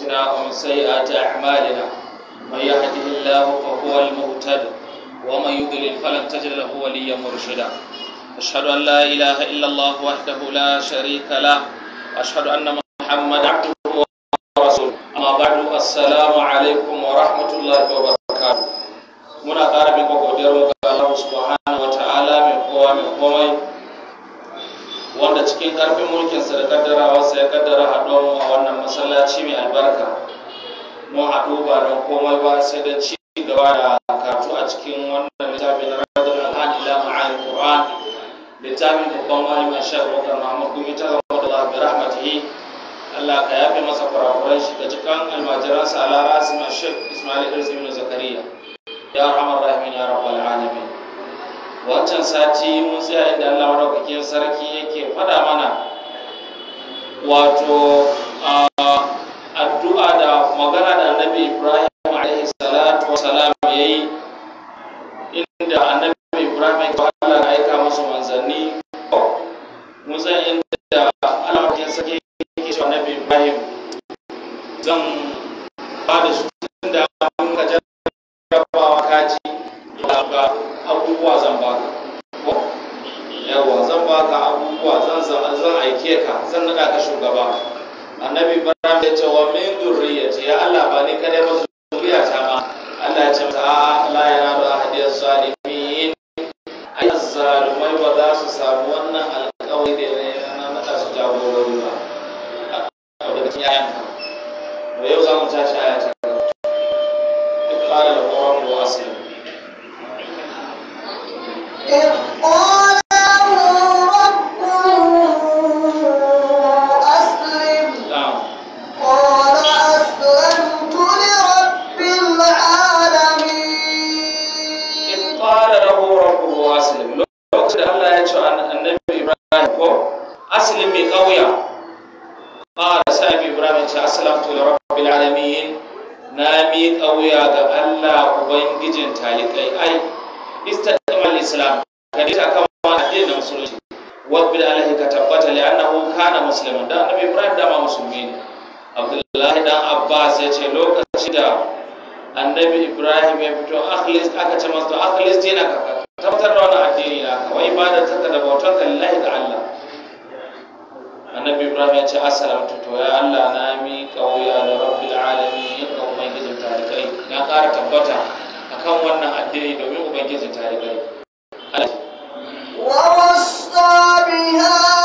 أنفسنا ومن سيئات أعمالنا من يهده الله فهو المهتد ومن يضلل فلن تجد له وليا مرشدا أشهد أن لا إله إلا الله وحده لا شريك له أشهد أن محمد عبده ورسوله أما بعد السلام عليكم ورحمة الله وبركاته muna ƙara miƙa godiyar ga Allah subhanahu wa ta'ala mai kowa mai komai wanda cikin karfin sa da kaddarawarsa ya kaddara haɗuwar mu a wannan masallaci mai albarka Mu haɗu ba don komai ba sai da ci gaba da karatu a cikin wannan littafi na radul ila ma'ani qur'an littafin babban malamin shar bakar mahmud gumi ta gaba da zabi rahmatihi allah ka yafe masa kurakuran shi da cikin almajiransa ala rasim shek ismail ibn zakariya ya rahmar rahimin ya rabbal alamin wancan sati mun tsaya inda Allah madaukakin sarki yake faɗa mana wato addu'a da magana da annabi Ibrahim alaihi salatu wa ya yayi inda annabi Ibrahim ya Allah ya aika masa manzanni mun tsaya inda Allah madaukakin sarki yake cewa annabi Ibrahim zan God was in If all rabbil alahi ka tabbata li annahu kana musliman dan annabi ibrahim da ma musulmi ne abdullahi dan abbas ya ce lokacin da annabi ibrahim ya fito akhlis aka ce masa to akhlis dina ka tabbatar da wannan addini na ka wai ibadar ta da bautar ka lillahi da allah annabi ibrahim ya ce assalamu to ya allah na mi kauya da rabbil alamin ya kawo gidan tarikai ya kara tabbata akan wannan addini domin ubangiji tarikai ووصى بها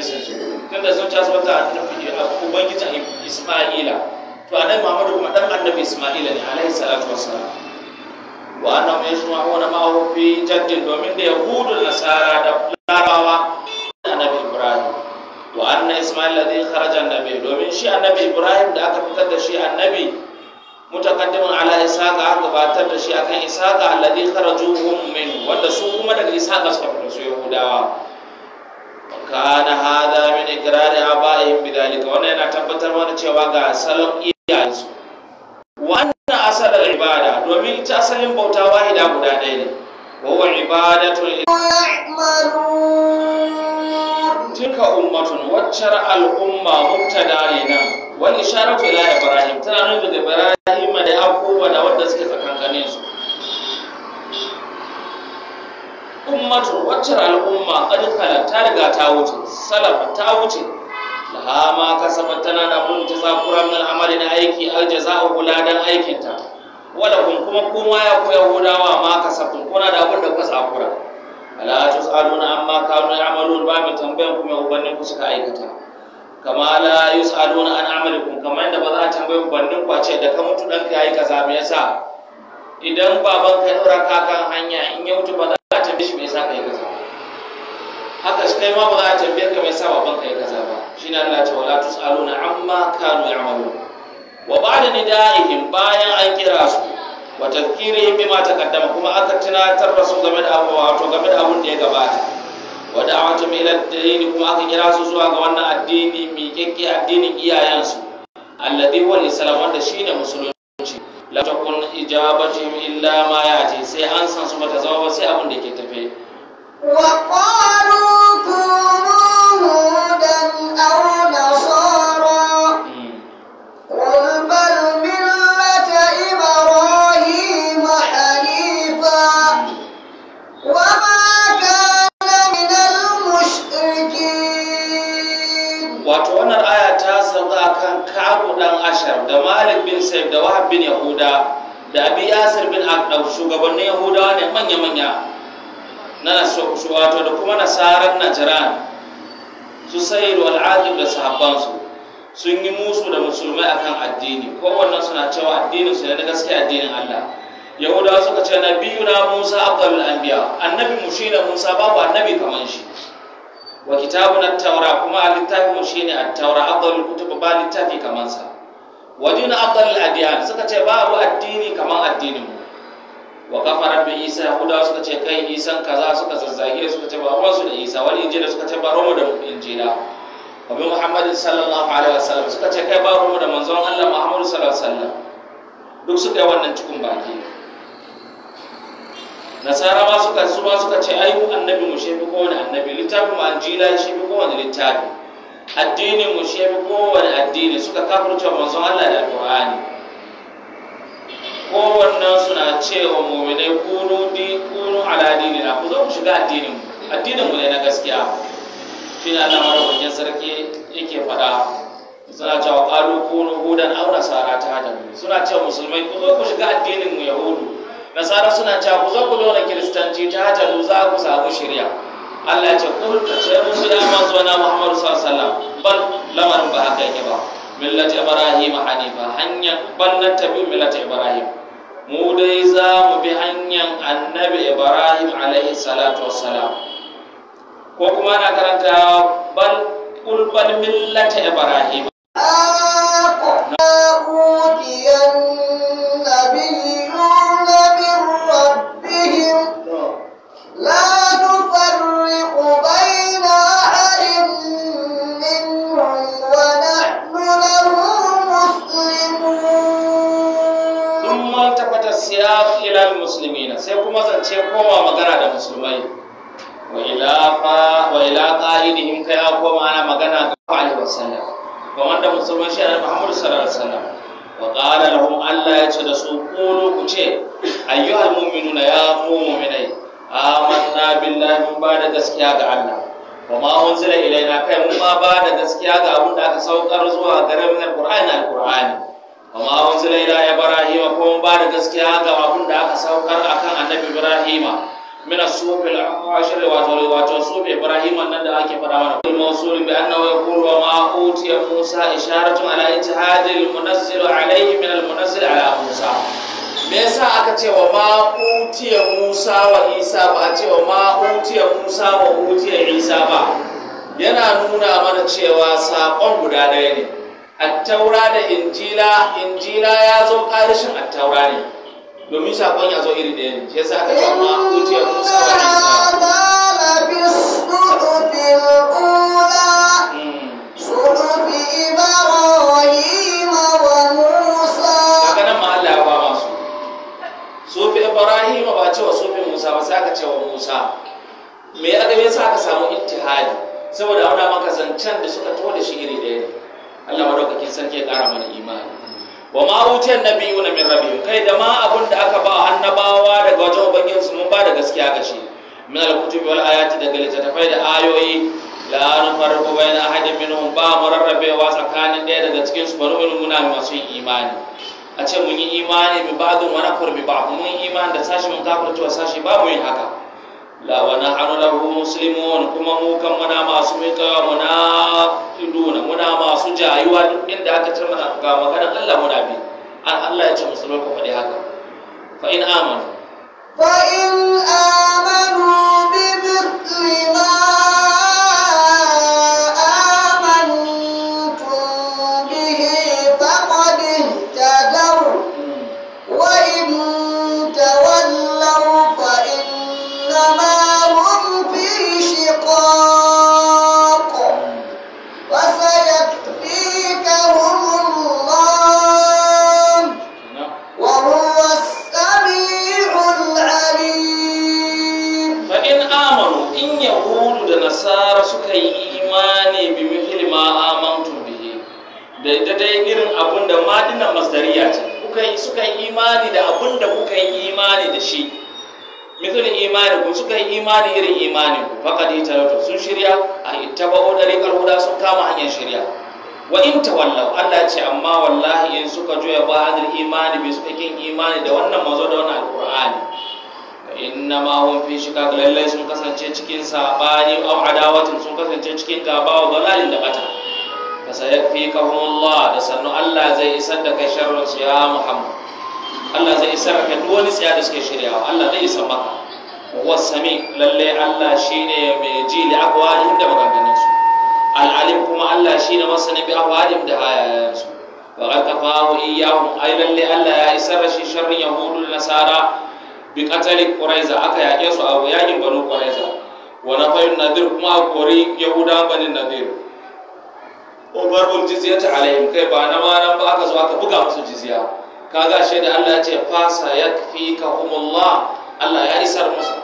jinsinsu su da sun taso ta annabi ubangiji isma'ila to anan muhammadu kuma dan annabi isma'ila ne alaihi salatu wassalam wa annahum yajma'una ma'ahu fi jaddin domin da yahudu nasara da a annabi ibrahim wa anna isma'il ladhi kharaja annabi domin shi annabi ibrahim da aka fitar da shi annabi mutakaddimun ala Isaka aka gabatar da shi akan isaka alladhi kharaju hum min wanda su kuma daga Isaka suka fito su yahudawa kana hada min ikrari abaihim bidalika wannan yana tabbatar mana cewa ga salon iyayensu wannan asalar ibada domin ita asalin bauta wahida guda ɗaya ne wa huwa ibadatul tilka ummatun waccar al'umma mubtada ne nan wal isharatu ila ibrahim tana nufin ibrahim da abubuwa da wanda suke tsakankanin su ummatu wacce al'umma kad kala ta riga ta wuce salaf ta wuce Lahama, ma tana da mun ta zakura min amali na aiki aljaza'u guladan aikin ta wala kun kuma kuma ya koya hudawa ma kasabtun kuna da abin da ku zakura ala aluna amma kanu ya'malun ba mu tambayan mai ubannin ku suka aikata kama la yusaluna an amalikum kamar da ba za a tambayi ubannin ku a ce da ka mutu danka yi kaza me yasa idan baban ka dora kakan hanya in ya mutu ba shi me yasa kai kaza haka shi kai ma ba za a tambaye ka me yasa baban kai kaza ba shine Allah ya ce wala tusaluna amma kanu ya'malu wa ba'da nida'ihim bayan an kira su wa tadhkirihim bima taqaddama kuma aka tunatar da su game da abu wato game da abun da ya gabata wa da'awatum ila ad-din kuma aka kira su zuwa ga wannan addini mi kekke addinin iyayensu alladhi huwa al-islam wanda shine musulmi la takun ijabatihim illa ma yati sai an san su bata zama ba sai abin da ke tafe wa qalu Asar da malik bin saif da wahab bin yahuda da abi Asir bin Aqdaw shugabannin yahudawa ne manya-manya na wato da kuma nasarar Najran su wal al'adib da su sun yi musu da musulmai akan addini wannan suna cewa addinin su ne na gaske addinin allah yahudawa suka ce na biyu na musa abdul anbiya annabi mu musa babu annabi kaman shi wa kitabun at-taura kuma littafin mu shine at-taura abdul kutub ba littafi kaman sa wajuna afdal al suka ce ba babu addini kamar addinin mu wa kafara bi isa yahuda suka ce kai isan kaza suka zazzage suka ce ba ruwan su da isa wani injila suka ce ba ruwan da injila wa bi muhammadin sallallahu alaihi wasallam suka ce kai ba ruwan da manzon Allah Muhammadu sallallahu alaihi wasallam duk suka yi wannan cikin baki nasara ma suka suka ce ai annabi mu shi bi kowane annabi littafin mu anjila shi bi kowane littafi addinin mu shi kowane addini suka cewa manzon Allah da Qur'ani kowannen suna cewa mu'minai kunu di kunu ala na ku zo ku shiga addinin mu addinin mu ne na gaskiya shine Allah madaukakin sarki yake faɗa suna cewa qalu kunu hudan aw nasara ta hada suna cewa musulmai ku zo ku shiga addinin mu yahudu nasara suna cewa ku zo ku zo na kiristanci ta hada za ku samu shari'a Allah ce ku ce musu ya masu na Muhammadu sallallahu bal lamarin ba haka yake ba millati ibrahim hanifa hanyar bal na tabi millati ibrahim mu dai za mu bi hanyar annabi ibrahim alaihi salatu wassalam ko kuma na karanta bal kul bal millati ibrahim لا kuma zance koma magana da musulmai wa ila in kai ya koma ana magana ga wa sallam ga wanda musulmai shi Annabi Muhammad sallallahu alaihi wasallam wa qala lahum Allah ya ce da su qulu ku ce ayyuhal mu'minuna ya mu mu'minai amanna billahi mun ba da gaskiya ga Allah wa ma unzila ilaina kai mun ba da gaskiya ga abin da aka saukar zuwa garin alqur'ani alqur'ani kuma wasu laila ko kuma ba da gaskiya ga abun da aka saukar akan annabi ibrahima min as-sufil ashir wa tawli wa tawsuf ibrahima nan da ake fara mana al mawsul bi annahu yaqulu wa ma utiya musa isharatu ala ittihad al munazzil alayhi min al munazzil ala musa me yasa aka ce wa ma utiya musa wa isa ba a ce wa ma utiya musa wa utiya isa ba yana nuna mana cewa saƙon guda ɗaya ne attaura da injila injila ya zo karishin attaura ne domin sakon ya zo iri ɗaya ne shi yasa aka samu zuciyar musa wani utiyar nabiyyu na min rabi. kai da ma abun da aka ba annabawa daga wajen su mun ba da gaskiya ga shi min al-kutubi wal ayati daga littattafai da ayoyi la nufarriqu bayna ahadin minhum ba mu rarrabewa tsakanin ɗaya daga cikin su bari mun muna masu yin imani a ce mun yi imani bi ba'du wa nakfur bi ba'd mun yi imani da sashi mun kafirce cewa sashi ba mu yin haka la wa nahnu lahu muslimun kuma mu kan muna masu mika muna iduna muna masu jayuwa duk inda aka ce mana ga maganar Allah muna bi Allah ya ce musulmai ku faɗi haka fa in amanu fa in amanu bi mithli ma din masdariya ce suka yi imani da abin da kuka yi imani da shi mithul imani ku suka yi imani irin imani ku faqad italatu sun shirya a ittaba'u odari huda sun kama hanyar shirya wa in tawallaw Allah ce amma wallahi in suka juya ba hadal imani bi suka kin imani da wannan mazo da wannan alqur'ani inna ma hum fi shikak lallai sun kasance cikin sabani aw adawatin sun kasance cikin gaba wa dalalin da bata fasayakfikahumullah da sannu Allah zai isar da kai sharrin su ya Muhammad Allah zai isar da duk wani tsaya da suke shirya. Allah zai isar maka wa sami lalle Allah shine mai ji da aqwalihim da maganganun su al'alim kuma Allah shine masani bi aqwalihim da ayayen su wa qad kafahu iyyahum ay lalle Allah ya isar da shi sharrin yahudul nasara bi qatali quraiza aka yake su a yakin banu quraiza wa nafayun nadir kuma a kori yahuda bani nadir ubarul jizyata alayhim kai ba na ma nan ba aka zo aka buga musu jizya kaga shi da Allah ya ce fasa yakfikahumullah Allah ya isar musu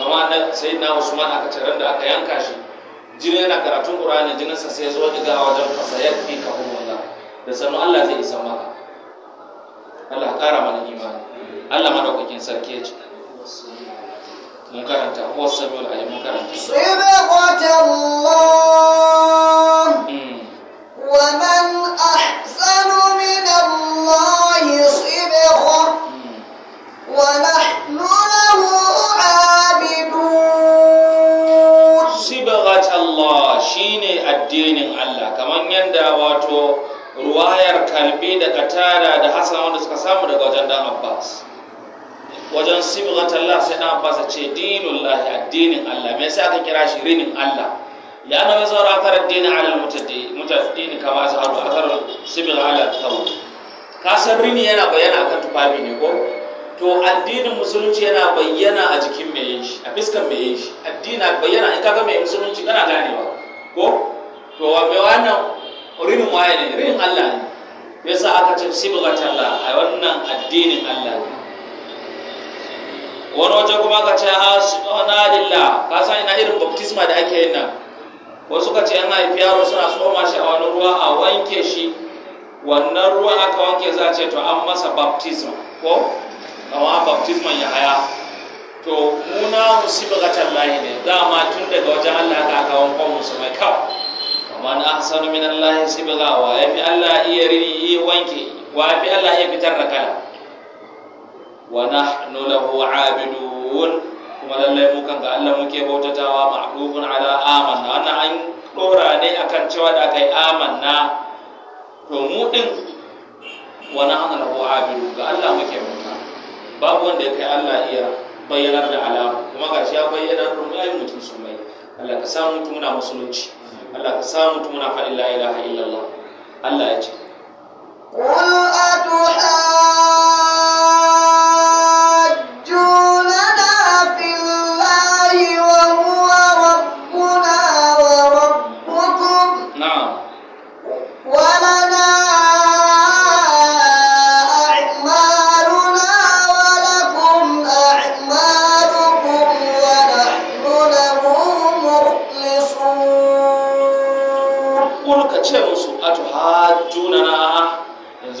kama na sayyidina Usman aka tarar da aka yanka shi jini yana karatun Qur'ani jinin sa sai zo daga wajen fasa yakfikahumullah da sanu Allah zai isar maka Allah kara mana imani Allah madaukakin sarki ya ce mun karanta wasu sabiul alim mun karanta sai ba qata Allah da da hasan wanda suka samu daga wajen dan abbas wajen sibghatallah sai dan abbas ya ce dinullahi addinin allah me yasa aka kira shi rinin allah ya na wazo rakar addini ala mutaddini kama a akar sibgha ala tawd ka san rini yana bayyana akan tufafi ne ko to addinin musulunci yana bayyana a jikin mai yin shi a fiskan mai yin shi addini bayyana in kaga mai musulunci kana ganewa ko to wa mai wannan rinin waye ne rinin Allah ne yasa aka ce sibghatan a wannan addinin Allah ne wani waje kuma ka ce ah, suna lillah ka san ina irin baptisma da ake yin nan wasu ka ce ana haifi yaro suna tsoma shi a wani ruwa a wanke shi wannan ruwa aka wanke za ce to an masa baptism ko kama baptisman ya haya to muna musibu ga tallahi ne dama tun daga wajen allah ka aka musu mai kawai man ahsanu min Allah sibgha wa yafi Allah iya rini iya wanke wa yafi Allah iya fitar da kala wa nahnu lahu abidun kuma lallai mu kan ga Allah muke bautatawa ma'rufun ala amanna wannan an dora ne akan cewa da kai amanna to mu din wa nahnu lahu abidun ga Allah muke bauta babu wanda ya kai Allah iya bayyanar da alama kuma gashi ya bayyana da mutum sun Allah ka samu na musulunci Allah ka samu tumuna fa la ilaha illallah Allah ya ce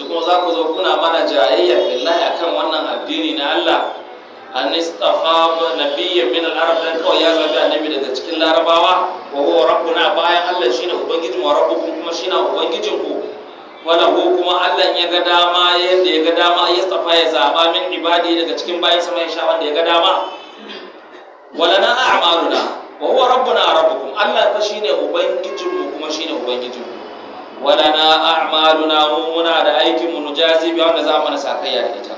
yanzu kuma za ku zo kuna mana jayayya billahi akan wannan addini na Allah an istafa nabiyyan min al-arab dan kawai ya zabi annabi daga cikin larabawa wa huwa rabbuna bayan Allah shine ubangijin wa rabbukum kuma shine ubangijin ku wala ko kuma Allah ya ga dama yadda ya ga dama ya tsafa ya zaba min ibadi daga cikin bayan sama ya sha wanda ya ga dama wala na a'maluna wa huwa rabbuna rabbukum Allah fa shine ubangijin mu kuma shine ubangijin ku walana a'maluna mu muna da aikin mu nujazi bi wanda za mu na sakayya da ita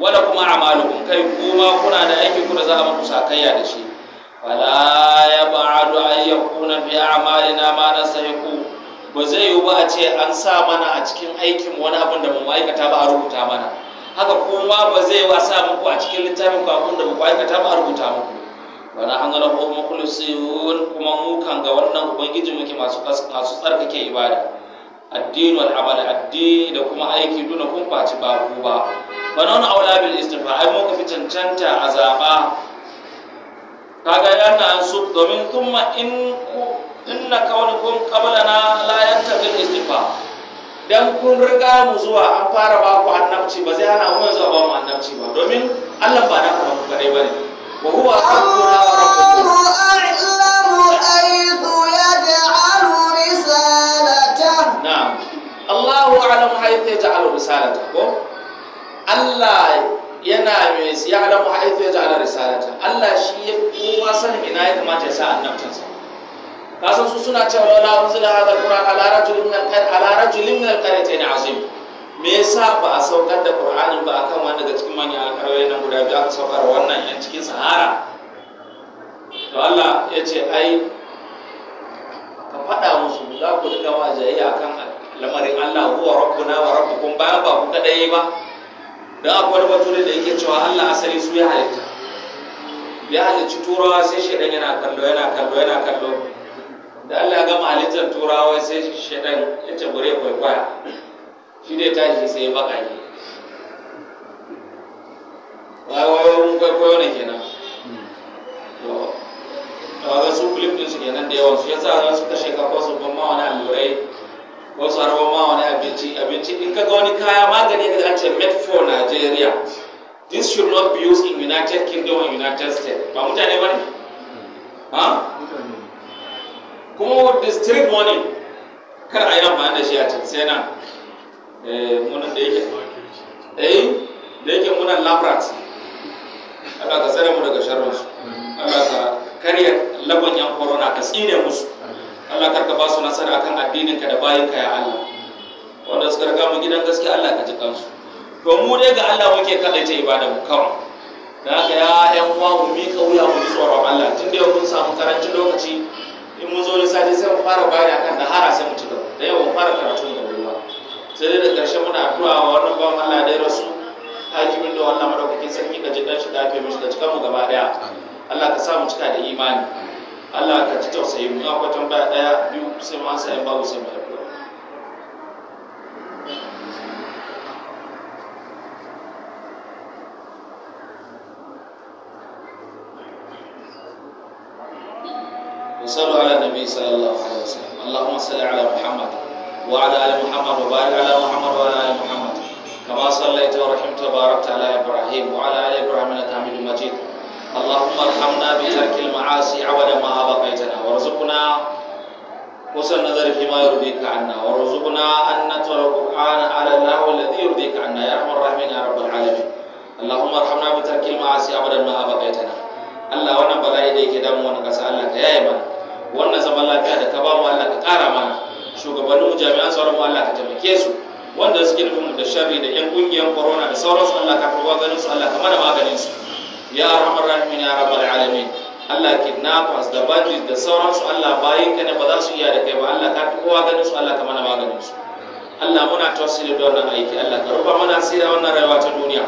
wala kuma a'malukum kai kuma kuna da aikin ku da za mu sakayya da shi fala yab'adu an yakuna bi a'malina ma na nasahiqu ba zai yi ba a ce an sa mana a cikin aikin wani abin da mu aikata ba a rubuta mana haka kuma ba zai yi wa sa muku a cikin littafin ku abin da mu aikata ba a rubuta muku wani an gana ko mukhlisun kuma mu ga wannan ubangiji muke masu masu tsarkake ibada addini wal amal addini da kuma aiki duna kun faci ba ku ba banon aula bil istifa ai mu fi cancanta a zaba kaga yana an su domin thumma in inna kaunukum qablana la yantaqil istifa dan kun riga mu zuwa an fara ba ku annabci ba zai hana mu zuwa ba mu annabci ba domin Allah ba na kuma kadai bane wa huwa rabbuna rabbukum a'lamu ya alamu haifu ya ja'ala risalata ko Allah yana mai ya alamu haifu ya ja'ala risalata Allah shi ya kowa sanin ina ya kamata ya sa annabtansa kasan su suna cewa wala unzila hadha alquran ala rajulin min alqar ala rajulin min alqaratayn azim me yasa ba a saukar da qur'anin ba akan wani daga cikin manyan alqarai nan guda biyu aka saukar wannan yan cikin sahara to Allah ya ce ai ka faɗa musu za ku riga wa jayayya akan lamarin Allah huwa rabbuna wa rabbukum ba ba ku kadai ba da akwai wani bature da yake cewa Allah asali su ya halitta ya halicci turawa sai shedan yana kallo yana kallo yana kallo da Allah ya gama halittar turawa sai shedan ya tabure kwaikwaya shi dai tashi sai ya baka ne wai wai mun kwaikwayo ne kenan to ga su clip din su kenan da yawan su yasa za su kashe kafa su ban ma wani allurai wasu harbar ma wani abinci abinci in ka ga wani kaya magani da an ce made for nigeria this should not be used in united kingdom and united states ba mutane ba ne ha kuma district money kar a yi amfani da shi a can sai nan eh, munan da yake eh da yake munan labrat Allah ka tsare mu daga su Allah ka karya labon yan corona ka tsine musu Allah ka ba su nasara akan addinin ka da bayinka ya Allah wanda suka riga mu gidan gaske Allah ka ji kansu to mu dai ga Allah muke kadaita ibada mu kawai dan haka ya ayan uwa mu mi wuya mu tsoro Allah tun da mun samu karancin lokaci in mun zo ne sati sai mu fara bayani akan da hara sai mu ci gaba da yawa mu fara karatu da ruwa sai dai da karshe muna addu'a wa wannan bawan Allah da rasu hakimin da wannan madaukakin sarki ka ji dan shi da ya mishi da cika mu gaba daya Allah ka sa mu cika da imani Allah ka ci tausayi mu akwai tambaya daya biyu sai mu ansa in babu sai mu addu'a وصلوا على النبي صلى الله عليه وسلم اللهم صل على محمد وعلى ال محمد وبارك على محمد وعلى ال محمد كما صليت ورحمت وباركت على ابراهيم وعلى ال ابراهيم انك حميد مجيد اللهم ارحمنا بترك المعاصي عولا ما أبقيتنا وارزقنا حسن النظر فيما يرضيك عنا وارزقنا أن نترى القرآن على الله الذي يرضيك عنا يا أرحم الراحمين يا رب العالمين اللهم ارحمنا بترك المعاصي عولا ما أبقيتنا Allah wannan bala'i da yake damu wannan ƙasa Allah ka yaye mana wannan zaman lafiya da ka ba mu Allah ka ƙara mana shugabannin jami'an tsaron mu Allah ka taimake su wanda suke nufin da sharri da yan ƙungiyar corona da sauransu Allah maganin su ya arhamar rahimin ya rabbal alamin Allah kidnappers da bandit da sauransu Allah bayin ka ne ba za su iya da kai ba Allah ka fi kowa ganin su Allah ka mana maganin su Allah muna tausiri da wannan aiki Allah ka rufa mana asiri a wannan rayuwa ta duniya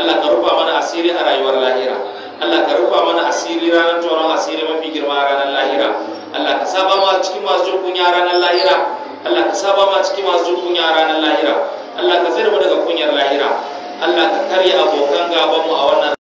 Allah ka rufa mana asiri a rayuwar lahira Allah ka rufa mana asiri ranar tauron asiri mafi girma a ranar lahira Allah ka saba ma cikin masu jin a ranar lahira Allah ka saba ma cikin masu jin a ranar lahira Allah ka tsare mu daga kunyar lahira Allah ka karya abokan gaban mu a wannan